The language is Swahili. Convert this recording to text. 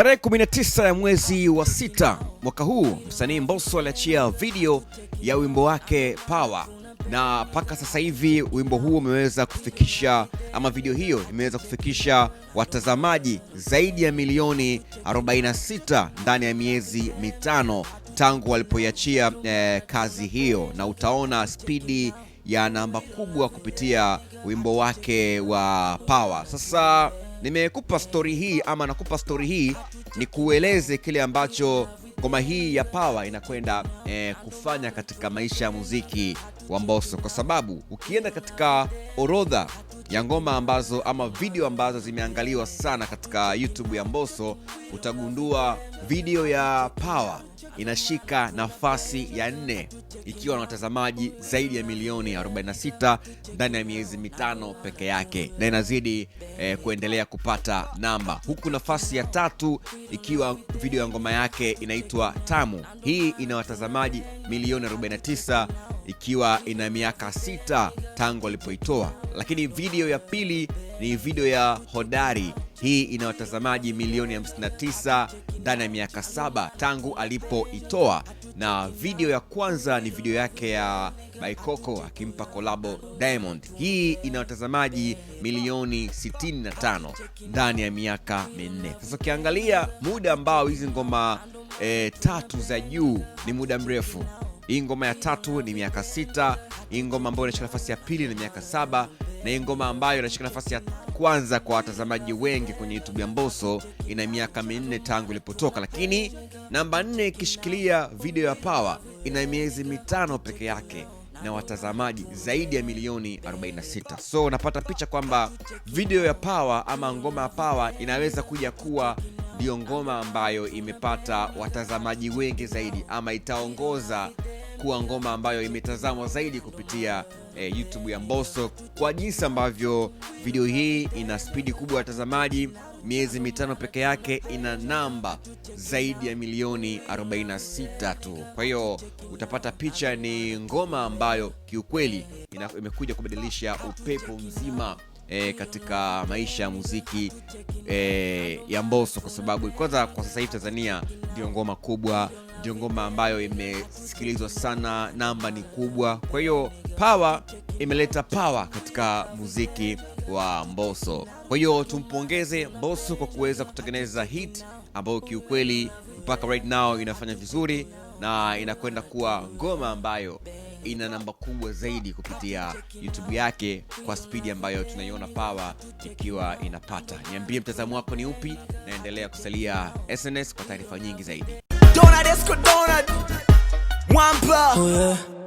Tarehe 19 ya mwezi wa sita mwaka huu msanii Mbosso aliachia video ya wimbo wake Power, na mpaka sasa hivi wimbo huu umeweza kufikisha ama video hiyo imeweza kufikisha watazamaji zaidi ya milioni 46 ndani ya miezi mitano tangu walipoiachia eh, kazi hiyo, na utaona spidi ya namba kubwa kupitia wimbo wake wa Power. Sasa Nimekupa stori hii ama nakupa stori hii ni kueleze kile ambacho ngoma hii ya Pawa inakwenda eh, kufanya katika maisha ya muziki wa Mbosso, kwa sababu ukienda katika orodha ya ngoma ambazo ama video ambazo zimeangaliwa sana katika YouTube ya Mbosso utagundua video ya Power inashika nafasi ya nne ikiwa na watazamaji zaidi ya milioni 46 ndani ya miezi mitano peke yake, na inazidi eh, kuendelea kupata namba, huku nafasi ya tatu ikiwa video ya ngoma yake inaitwa Tamu. Hii ina watazamaji milioni 49 ikiwa ina miaka sita tangu alipoitoa lakini video ya pili ni video ya Hodari. Hii ina watazamaji milioni 59 ndani ya miaka saba tangu alipoitoa, na video ya kwanza ni video yake ya Baikoko akimpa kolabo Diamond. Hii ina watazamaji milioni 65 ndani ya miaka minne. Sasa ukiangalia muda ambao hizi ngoma e, tatu za juu ni muda mrefu hii ngoma ya tatu ni miaka sita. Hii ngoma ambayo inashika nafasi ya pili ni miaka saba, na hii ngoma ambayo inashika nafasi ya kwanza kwa watazamaji wengi kwenye YouTube ya mboso ina miaka minne tangu ilipotoka. Lakini namba nne ikishikilia video ya pawa ina miezi mitano peke yake na watazamaji zaidi ya milioni 46. So unapata picha kwamba video ya pawa ama ngoma ya pawa inaweza kuja kuwa ndiyo ngoma ambayo imepata watazamaji wengi zaidi ama itaongoza kuwa ngoma ambayo imetazamwa zaidi kupitia eh, YouTube ya Mbosso kwa jinsi ambavyo video hii ina spidi kubwa ya watazamaji. Miezi mitano peke yake ina namba zaidi ya milioni 46 tu. Kwa hiyo utapata picha, ni ngoma ambayo kiukweli imekuja kubadilisha upepo mzima E, katika maisha ya muziki e, ya mboso kwa sababu kwanza, kwa sasa hivi Tanzania ndio ngoma kubwa ndio ngoma ambayo imesikilizwa sana, namba ni kubwa. Kwa hiyo pawa imeleta pawa katika muziki wa Mbosso. Kwa hiyo tumpongeze Mbosso kwa kuweza kutengeneza hit ambayo kiukweli mpaka right now inafanya vizuri na inakwenda kuwa ngoma ambayo ina namba kubwa zaidi kupitia YouTube yake kwa spidi ambayo tunaiona Pawa ikiwa inapata. Niambie mtazamo wako ni upi, naendelea kusalia SNS kwa taarifa nyingi zaidi. One donut. block. Oh, yeah.